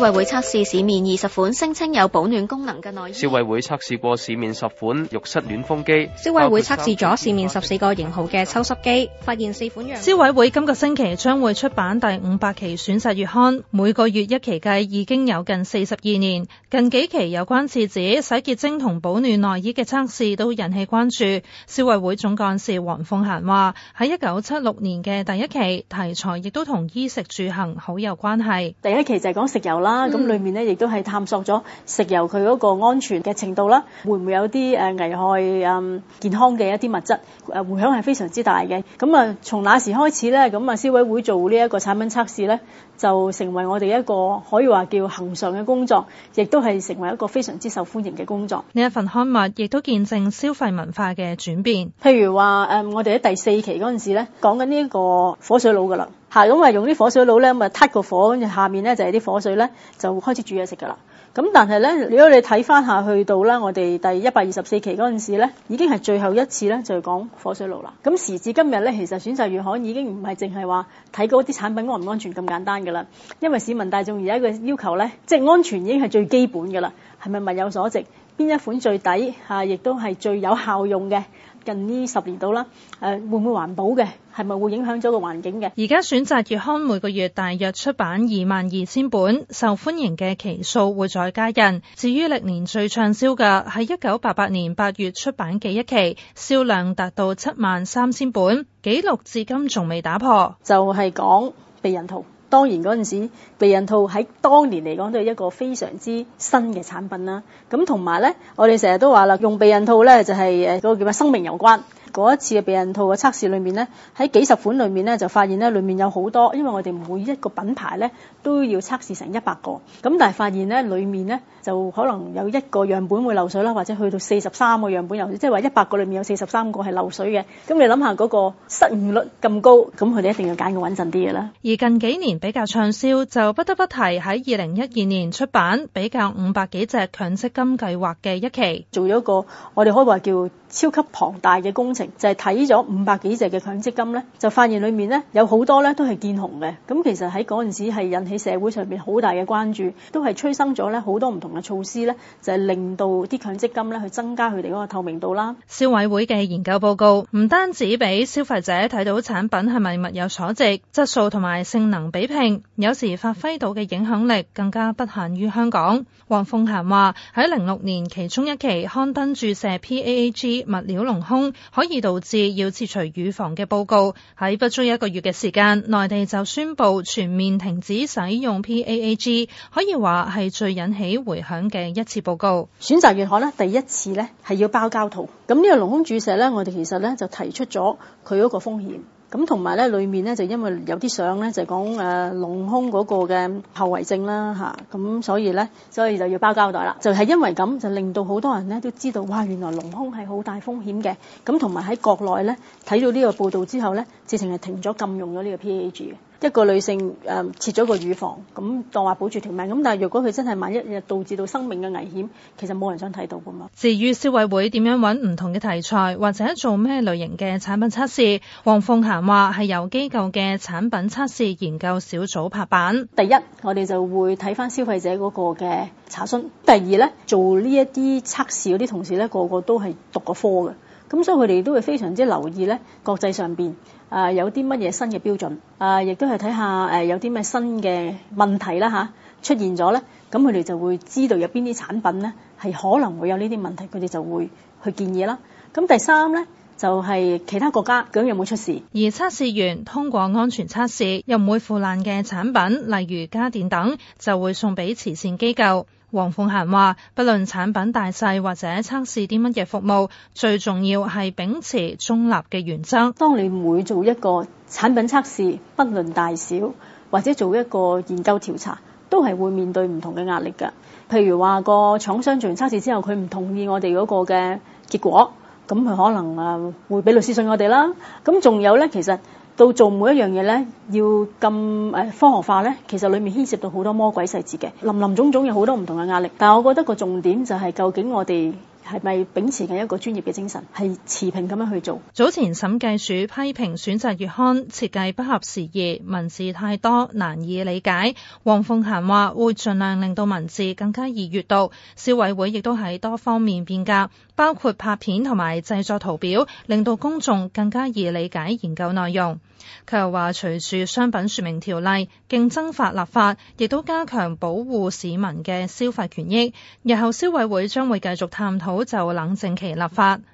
消委會測試市面二十款聲稱有保暖功能嘅內衣。消委會測試過市面十款浴室暖風機。消委會測試咗市面十四個型號嘅抽濕機，發現四款樣。消委會今個星期將會出版第五百期《選擇月刊》，每個月一期計已經有近四十二年。近幾期有關廁紙、洗潔精同保暖內衣嘅測試都引起關注。消委會總幹事黃鳳嫻話：喺一九七六年嘅第一期題材亦都同衣食住行好有關係。第一期就係講食油啦。啊、嗯，咁裏面咧亦都係探索咗食油佢嗰個安全嘅程度啦，會唔會有啲誒危害誒健康嘅一啲物質？誒回響係非常之大嘅。咁啊，從那時開始咧，咁啊消委會做呢一個產品測試咧，就成為我哋一個可以話叫恒常嘅工作，亦都係成為一個非常之受歡迎嘅工作。呢一份刊物亦都見證消費文化嘅轉變。譬如話誒，我哋喺第四期嗰陣時咧，講緊呢一個火水爐噶啦。嚇咁啊，用啲火水爐咧，咁啊撻個火，跟住下面咧就係啲火水咧，就開始煮嘢食噶啦。咁但係咧，如果你睇翻下去到啦，我哋第一百二十四期嗰陣時咧，已經係最後一次咧就係講火水爐啦。咁時至今日咧，其實選擇月刊已經唔係淨係話睇嗰啲產品安唔安全咁簡單噶啦。因為市民大眾而家嘅要求咧，即係安全已經係最基本噶啦。係咪物有所值？邊一款最抵嚇？亦都係最有效用嘅。近呢十年度啦，誒、呃、會唔會環保嘅？係咪會影響咗個環境嘅？而家選擇月刊每個月大約出版二萬二千本，受歡迎嘅期數會再加印。至於歷年最暢銷嘅係一九八八年八月出版嘅一期，銷量達到七萬三千本，紀錄至今仲未打破。就係、是、講避孕套。當然嗰陣時避孕套喺當年嚟講都係一個非常之新嘅產品啦，咁同埋咧，我哋成日都話啦，用避孕套咧就係誒嗰個叫咩生命有關。嗰一次嘅避孕套嘅測試裏面呢，喺幾十款裏面呢，就發現呢裏面有好多，因為我哋每一個品牌呢都要測試成一百個，咁但係發現呢裏面呢就可能有一個樣本會漏水啦，或者去到四十三個樣本漏水，即係話一百個裏面有四十三個係漏水嘅。咁你諗下嗰個失誤率咁高，咁佢哋一定要揀個穩陣啲嘅啦。而近幾年比較暢銷，就不得不提喺二零一二年出版比較五百幾隻強積金計劃嘅一期，做咗一個我哋可以話叫超級龐大嘅工就係睇咗五百幾隻嘅強積金咧，就發現裡面咧有好多咧都係見紅嘅。咁其實喺嗰陣時係引起社會上面好大嘅關注，都係催生咗咧好多唔同嘅措施咧，就係令到啲強積金咧去增加佢哋嗰個透明度啦。消委會嘅研究報告唔單止俾消費者睇到產品係咪物有所值、質素同埋性能比拼，有時發揮到嘅影響力更加不限於香港。黃鳳嫺話：喺零六年其中一期刊登注射 PAAG 物料隆胸，可以，而導致要撤除乳房嘅報告，喺不足一個月嘅時間，內地就宣布全面停止使用 PAAG，可以話係最引起回響嘅一次報告。選擇月刊咧，第一次咧係要包膠套，咁呢個隆胸注射咧，我哋其實咧就提出咗佢嗰個風險。咁同埋咧，裏面咧就因為有啲相咧就講、呃、隆胸嗰個嘅後遺症啦咁、啊、所以咧，所以就要包膠袋啦。就係、是、因為咁，就令到好多人咧都知道，哇！原來隆胸係好大風險嘅。咁同埋喺國內咧睇到呢個報導之後咧，直情係停咗禁用咗呢個 PAG 嘅。一個女性誒、呃、切咗個乳房，咁當話保住條命。咁但係如果佢真係萬一日導致到生命嘅危險，其實冇人想睇到㗎嘛。至於消委會點樣揾唔同嘅題材，或者做咩類型嘅產品測試，黃鳳嫺話係由機構嘅產品測試研究小組拍板。第一，我哋就會睇翻消費者嗰個嘅查詢。第二呢，做呢一啲測試嗰啲同事呢，個個都係讀過科嘅。咁所以佢哋都會非常之留意咧，國際上邊啊、呃、有啲乜嘢新嘅標準啊，亦、呃、都係睇下誒有啲咩新嘅問題啦吓，出現咗咧，咁佢哋就會知道有邊啲產品咧，係可能會有呢啲問題，佢哋就會去建議啦。咁第三咧。就係、是、其他國家咁有冇出事？而測試員通過安全測試又唔會腐爛嘅產品，例如家電等，就會送俾慈善機構。黃鳳嫺話，不論產品大細或者測試啲乜嘢服務，最重要係秉持中立嘅原則。當你每做一個產品測試，不論大小，或者做一個研究調查，都係會面對唔同嘅壓力㗎。譬如話個廠商做完測試之後，佢唔同意我哋嗰個嘅結果。咁佢可能啊會俾律師信我哋啦。咁仲有咧，其實到做每一樣嘢咧，要咁誒科學化咧，其實裏面牽涉到好多魔鬼細節嘅，林林總總有好多唔同嘅壓力。但係我覺得個重點就係究竟我哋。係咪秉持緊一個專業嘅精神，係持平咁樣去做？早前審計署批評選擇月刊設計不合時宜，文字太多難以理解。黃鳳嫺話會盡量令到文字更加易閱讀。消委會亦都喺多方面變革，包括拍片同埋製作圖表，令到公眾更加易理解研究內容。佢又話：隨住商品説明條例、競爭法立法，亦都加強保護市民嘅消費權益。日後消委會將會繼續探討。早就冷靜期立法。